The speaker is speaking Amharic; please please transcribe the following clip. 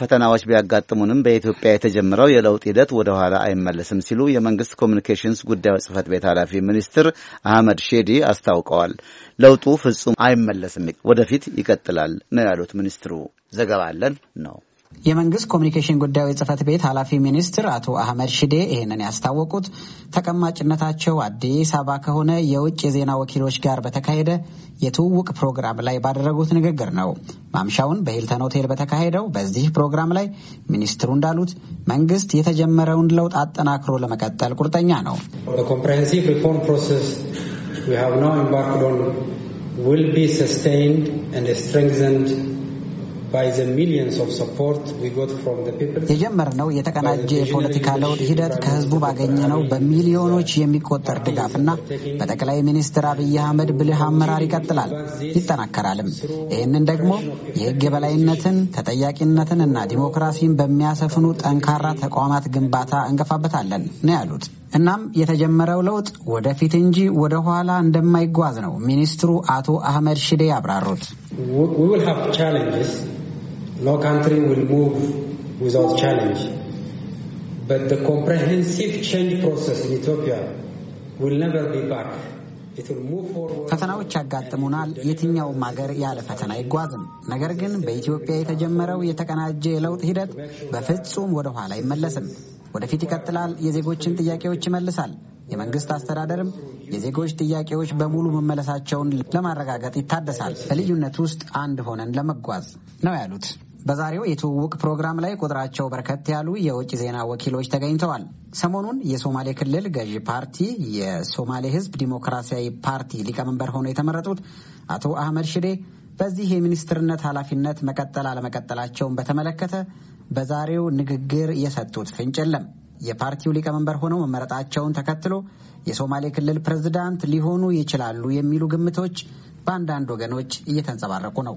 ፈተናዎች ቢያጋጥሙንም በኢትዮጵያ የተጀመረው የለውጥ ሂደት ወደ ኋላ አይመለስም ሲሉ የመንግስት ኮሚኒኬሽንስ ጉዳዮች ጽህፈት ቤት ኃላፊ ሚኒስትር አህመድ ሼዲ አስታውቀዋል። ለውጡ ፍጹም አይመለስም፣ ወደፊት ይቀጥላል ነው ያሉት ሚኒስትሩ። ዘገባ ነው የመንግስት ኮሚኒኬሽን ጉዳዮች ጽህፈት ቤት ኃላፊ ሚኒስትር አቶ አህመድ ሽዴ ይህንን ያስታወቁት ተቀማጭነታቸው አዲስ አበባ ከሆነ የውጭ የዜና ወኪሎች ጋር በተካሄደ የትውውቅ ፕሮግራም ላይ ባደረጉት ንግግር ነው። ማምሻውን በሂልተን ሆቴል በተካሄደው በዚህ ፕሮግራም ላይ ሚኒስትሩ እንዳሉት መንግስት የተጀመረውን ለውጥ አጠናክሮ ለመቀጠል ቁርጠኛ ነው። ኮምፕሬሄንሲቭ ሪፎርም ፕሮሰስ ዊ ሃቭ ናው ኤምባርክድ ኦን ዊል ቢ ሰስቴይንድ ኤንድ ስትሬንግዘንድ የጀመርነው የተቀናጀ የፖለቲካ ለውጥ ሂደት ከህዝቡ ባገኘነው በሚሊዮኖች የሚቆጠር ድጋፍና በጠቅላይ ሚኒስትር አብይ አህመድ ብልህ አመራር ይቀጥላል ይጠናከራልም። ይህንን ደግሞ የህግ የበላይነትን ተጠያቂነትን እና ዲሞክራሲን በሚያሰፍኑ ጠንካራ ተቋማት ግንባታ እንገፋበታለን ነው ያሉት። እናም የተጀመረው ለውጥ ወደፊት እንጂ ወደ ኋላ እንደማይጓዝ ነው ሚኒስትሩ አቶ አህመድ ሽዴ ያብራሩት። No country will move without challenge. But the comprehensive change process in Ethiopia will never be back. ፈተናዎች ያጋጥሙናል። የትኛውም ሀገር ያለ ፈተና አይጓዝም። ነገር ግን በኢትዮጵያ የተጀመረው የተቀናጀ የለውጥ ሂደት በፍጹም ወደ ኋላ አይመለስም። ወደፊት ይቀጥላል። የዜጎችን ጥያቄዎች ይመልሳል። የመንግስት አስተዳደርም የዜጎች ጥያቄዎች በሙሉ መመለሳቸውን ለማረጋገጥ ይታደሳል። በልዩነት ውስጥ አንድ ሆነን ለመጓዝ ነው ያሉት በዛሬው የትውውቅ ፕሮግራም ላይ ቁጥራቸው በርከት ያሉ የውጭ ዜና ወኪሎች ተገኝተዋል። ሰሞኑን የሶማሌ ክልል ገዢ ፓርቲ የሶማሌ ሕዝብ ዲሞክራሲያዊ ፓርቲ ሊቀመንበር ሆነው የተመረጡት አቶ አህመድ ሽዴ በዚህ የሚኒስትርነት ኃላፊነት መቀጠል አለመቀጠላቸውን በተመለከተ በዛሬው ንግግር የሰጡት ፍንጭ የለም። የፓርቲው ሊቀመንበር ሆነው መመረጣቸውን ተከትሎ የሶማሌ ክልል ፕሬዝዳንት ሊሆኑ ይችላሉ የሚሉ ግምቶች በአንዳንድ ወገኖች እየተንጸባረቁ ነው።